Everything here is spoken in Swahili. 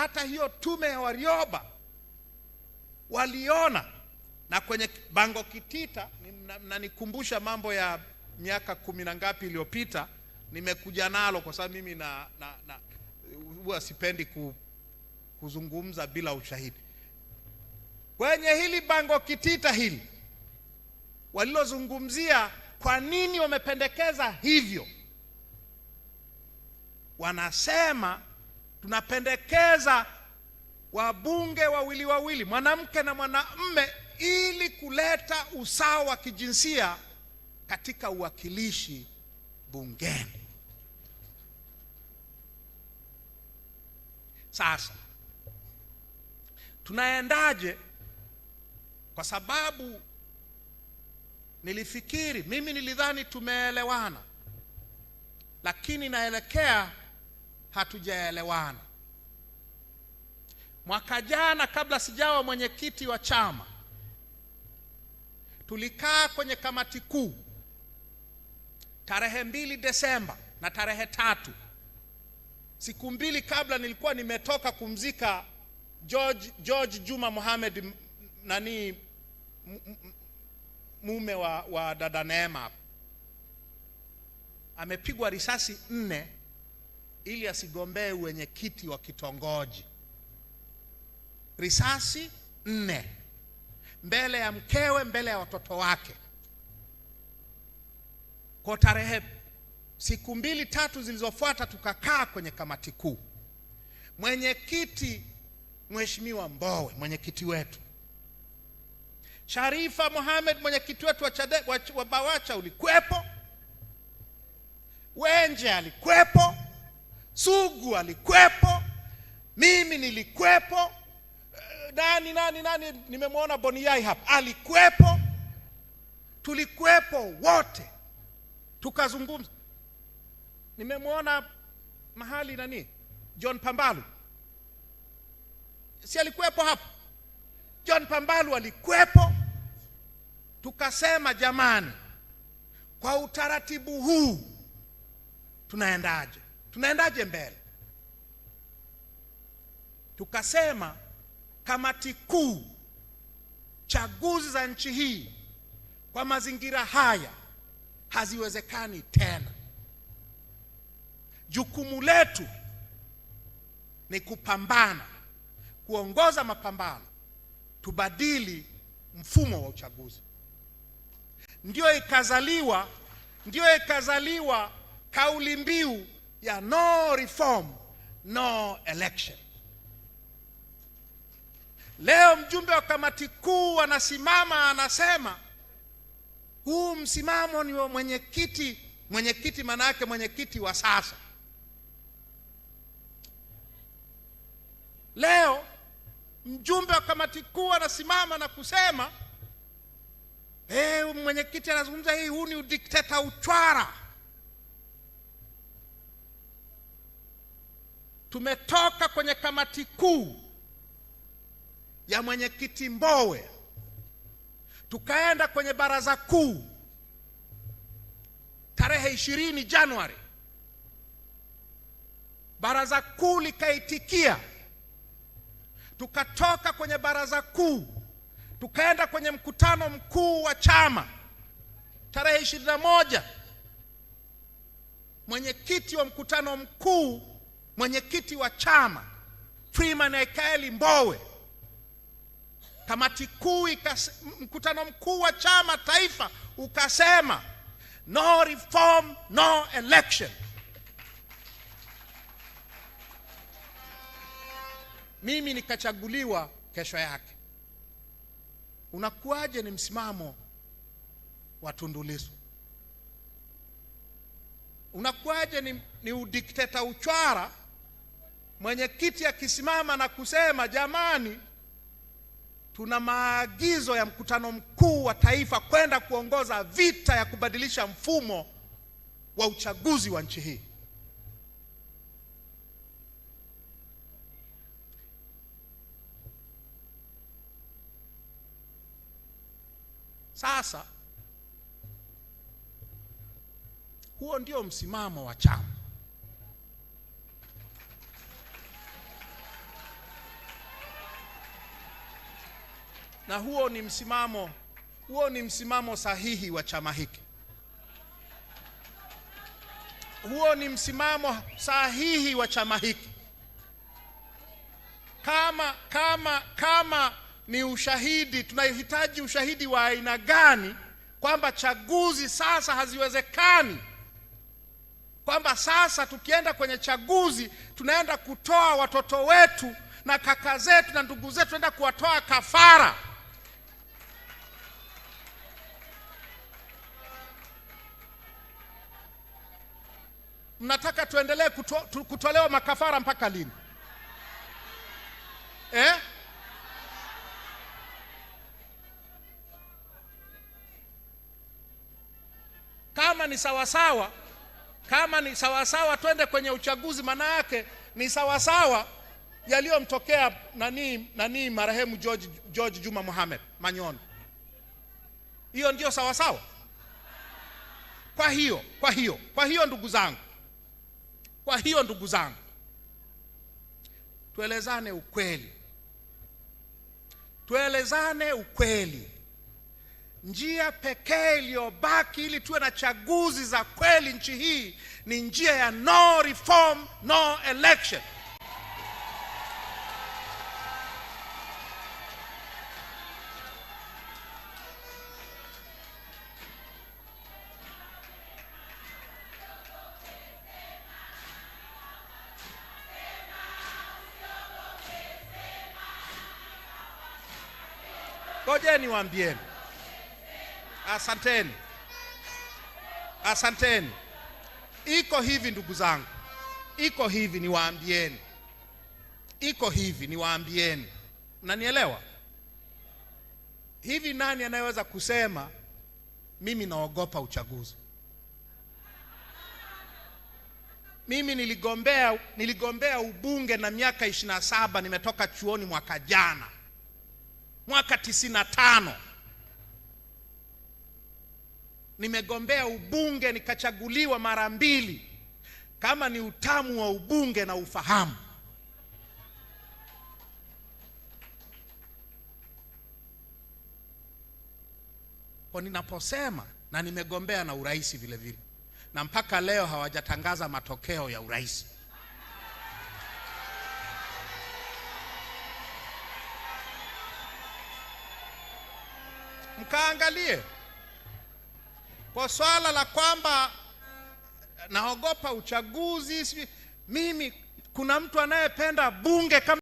hata hiyo tume ya Warioba waliona, na kwenye bango kitita mnanikumbusha na mambo ya miaka kumi na ngapi iliyopita, nimekuja nalo kwa sababu mimi na, na, na huwa sipendi ku, kuzungumza bila ushahidi. Kwenye hili bango kitita hili walilozungumzia kwa nini wamependekeza hivyo, wanasema tunapendekeza wabunge wawili wawili, mwanamke na mwanamme, ili kuleta usawa wa kijinsia katika uwakilishi bungeni. Sasa tunaendaje? Kwa sababu nilifikiri mimi, nilidhani tumeelewana, lakini naelekea hatujaelewana. Mwaka jana kabla sijawa mwenyekiti wa chama, tulikaa kwenye kamati kuu tarehe mbili Desemba na tarehe tatu, siku mbili kabla nilikuwa nimetoka kumzika George, George Juma Mohamed nani mume wa, wa dada Neema amepigwa risasi nne ili asigombee wenyekiti wa kitongoji. Risasi nne mbele ya mkewe, mbele ya watoto wake. Kwa tarehe siku mbili tatu zilizofuata, tukakaa kwenye kamati kuu. Mwenyekiti Mheshimiwa Mbowe, mwenyekiti wetu Sharifa Mohamed, mwenyekiti wetu wa, wa, wa Bawacha ulikwepo, Wenje alikwepo Sugu alikwepo mimi nilikwepo eh, nani nani nani, nimemwona boniyai hapa, alikwepo tulikwepo wote tukazungumza. Nimemwona mahali nani, John Pambalu, si alikwepo hapo? John Pambalu alikwepo tukasema jamani, kwa utaratibu huu tunaendaje? Tunaendaje mbele? Tukasema kamati kuu, chaguzi za nchi hii kwa mazingira haya haziwezekani tena. Jukumu letu ni kupambana, kuongoza mapambano, tubadili mfumo wa uchaguzi. Ndio ikazaliwa, ndiyo ikazaliwa kauli mbiu Yeah, no reform no election. Leo mjumbe wa kamati kuu anasimama anasema, huu msimamo ni wa mwenyekiti. Mwenyekiti maana yake mwenyekiti wa sasa. Leo mjumbe wa kamati kuu anasimama na kusema hey, eh, mwenyekiti anazungumza hii, huu ni udikteta uchwara Tumetoka kwenye kamati kuu ya mwenyekiti Mbowe, tukaenda kwenye baraza kuu tarehe 20 Januari. Baraza kuu likaitikia, tukatoka kwenye baraza kuu tukaenda kwenye mkutano mkuu wa chama tarehe 21, Mwenyekiti wa mkutano mkuu mwenyekiti wa chama Freeman Aikaeli Mbowe, kamati kuu, mkutano mkuu wa chama taifa ukasema no reform no election. Mimi nikachaguliwa kesho yake. Unakuwaje? Ni msimamo wa Tundu Lissu. Unakuwaje? Ni, ni udikteta uchwara mwenyekiti akisimama na kusema jamani, tuna maagizo ya mkutano mkuu wa taifa kwenda kuongoza vita ya kubadilisha mfumo wa uchaguzi wa nchi hii. Sasa huo ndio msimamo wa chama. na huo ni msimamo, huo ni msimamo sahihi wa chama hiki. Huo ni msimamo sahihi wa chama hiki. Kama, kama, kama ni ushahidi, tunahitaji ushahidi wa aina gani kwamba chaguzi sasa haziwezekani, kwamba sasa tukienda kwenye chaguzi tunaenda kutoa watoto wetu na kaka zetu na ndugu zetu, tunaenda kuwatoa kafara. mnataka tuendelee kuto, tu, kutolewa makafara mpaka lini eh? Kama ni sawasawa, kama ni sawasawa, twende kwenye uchaguzi. Maana yake ni sawasawa yaliyomtokea nani, nani marehemu George, George Juma Mohamed Manyoni. Hiyo ndiyo sawasawa. Kwa hiyo kwa hiyo kwa hiyo ndugu zangu kwa hiyo ndugu zangu, tuelezane ukweli, tuelezane ukweli. Njia pekee iliyobaki ili tuwe na chaguzi za kweli nchi hii ni njia ya no reform, no election. Ngojeni waambieni. Asanteni, asanteni. Iko hivi ndugu zangu, iko hivi niwaambieni, iko hivi niwaambieni, mnanielewa? Hivi nani anayeweza kusema mimi naogopa uchaguzi? Mimi niligombea niligombea ubunge na miaka ishirini na saba, nimetoka chuoni mwaka jana mwaka 95 tano nimegombea ubunge nikachaguliwa mara mbili. Kama ni utamu wa ubunge na ufahamu, kwa ninaposema na nimegombea na urais vile vile, na mpaka leo hawajatangaza matokeo ya urais. mkaangalie kwa swala la kwamba naogopa uchaguzi. Mimi kuna mtu anayependa bunge kama